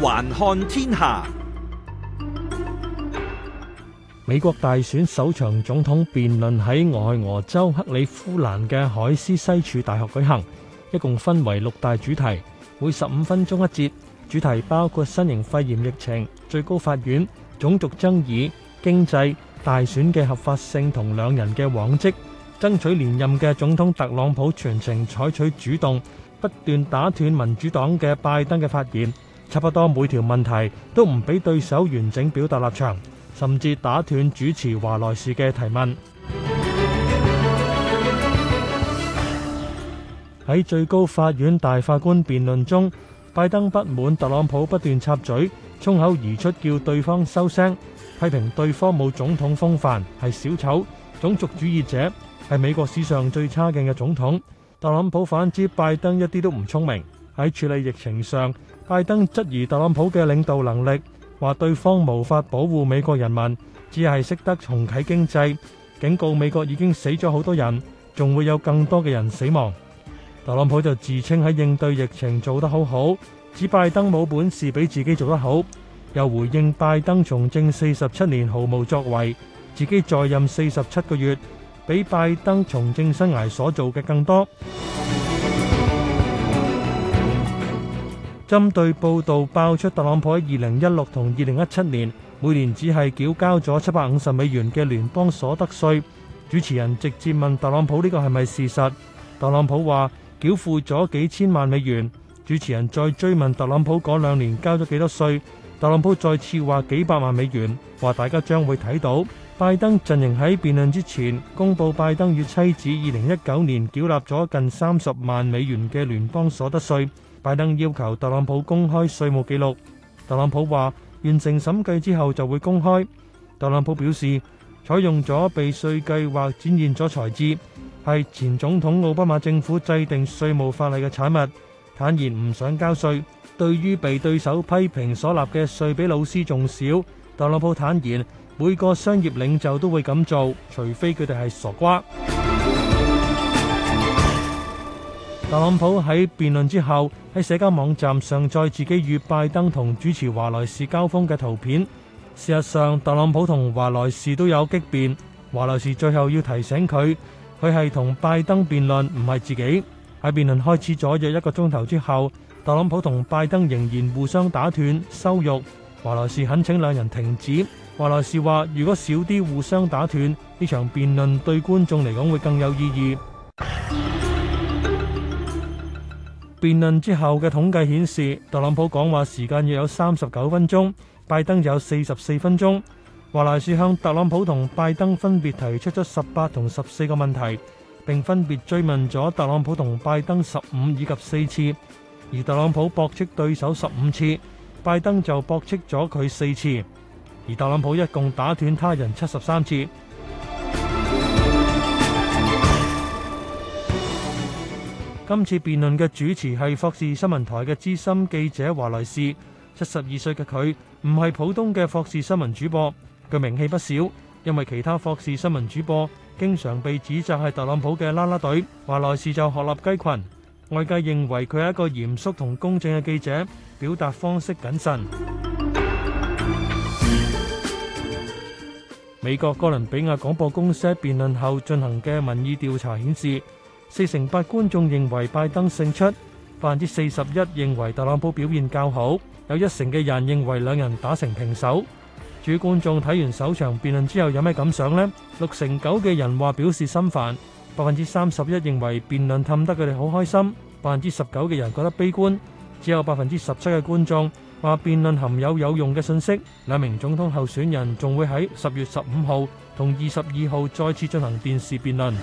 環看天下，美國大選首場總統辯論喺俄亥俄州克里夫蘭嘅海斯西儲大學舉行，一共分為六大主題，每十五分鐘一節。主題包括新型肺炎疫情、最高法院、種族爭議、經濟、大選嘅合法性同兩人嘅往績。爭取連任嘅總統特朗普全程採取主動，不斷打斷民主黨嘅拜登嘅發言。差不多每條問題都唔俾對手完整表達立場，甚至打斷主持華萊士嘅提問。喺 最高法院大法官辯論中，拜登不滿特朗普不斷插嘴，衝口而出叫對方收聲，批評對方冇總統風範，係小丑、種族主義者，係美國史上最差勁嘅總統。特朗普反之，拜登一啲都唔聰明。喺處理疫情上，拜登質疑特朗普嘅領導能力，話對方無法保護美國人民，只係識得重啟經濟，警告美國已經死咗好多人，仲會有更多嘅人死亡。特朗普就自稱喺應對疫情做得好好，指拜登冇本事比自己做得好，又回應拜登從政四十七年毫無作為，自己在任四十七個月，比拜登從政生涯所做嘅更多。針對報道爆出特朗普喺二零一六同二零一七年每年只係繳交咗七百五十美元嘅聯邦所得稅，主持人直接問特朗普呢個係咪事實？特朗普話繳付咗幾千萬美元。主持人再追問特朗普嗰兩年交咗幾多稅？特朗普再次話幾百萬美元。話大家將會睇到拜登陣營喺辯論之前公布拜登與妻子二零一九年繳納咗近三十萬美元嘅聯邦所得稅。拜登要求特朗普公開稅務記錄。特朗普話完成審計之後就會公開。特朗普表示，採用咗避稅計劃展現咗財資，係前總統奧巴馬政府制定稅務法例嘅產物。坦言唔想交稅。對於被對手批評所納嘅稅比老師仲少，特朗普坦言每個商業領袖都會咁做，除非佢哋係傻瓜。特朗普喺辯論之後喺社交網站上載自己與拜登同主持華萊士交鋒嘅圖片。事實上，特朗普同華萊士都有激辯，華萊士最後要提醒佢，佢係同拜登辯論，唔係自己。喺辯論開始咗約一個鐘頭之後，特朗普同拜登仍然互相打斷羞辱，華萊士懇請兩人停止。華萊士話：如果少啲互相打斷，呢場辯論對觀眾嚟講會更有意義。辯論之後嘅統計顯示，特朗普講話時間約有三十九分鐘，拜登有四十四分鐘。華萊士向特朗普同拜登分別提出咗十八同十四個問題，並分別追問咗特朗普同拜登十五以及四次，而特朗普駁斥對手十五次，拜登就駁斥咗佢四次，而特朗普一共打斷他人七十三次。今次辯論嘅主持係霍士新聞台嘅資深記者華萊士，七十二歲嘅佢唔係普通嘅霍士新聞主播，佢名氣不小，因為其他霍士新聞主播經常被指責係特朗普嘅啦啦隊，華萊士就鶴立雞群，外界認為佢係一個嚴肅同公正嘅記者，表達方式謹慎。美國哥倫比亞廣播公司喺辯論後進行嘅民意調查顯示，四成八觀眾認為拜登勝出，百分之四十一認為特朗普表現較好，有一成嘅人認為兩人打成平手。至於觀眾睇完首場辯論之後有咩感想呢？六成九嘅人話表示心煩，百分之三十一認為辯論氹得佢哋好開心，百分之十九嘅人覺得悲觀，只有百分之十七嘅觀眾話辯論含有有用嘅信息。兩名總統候選人仲會喺十月十五號同二十二號再次進行電視辯論。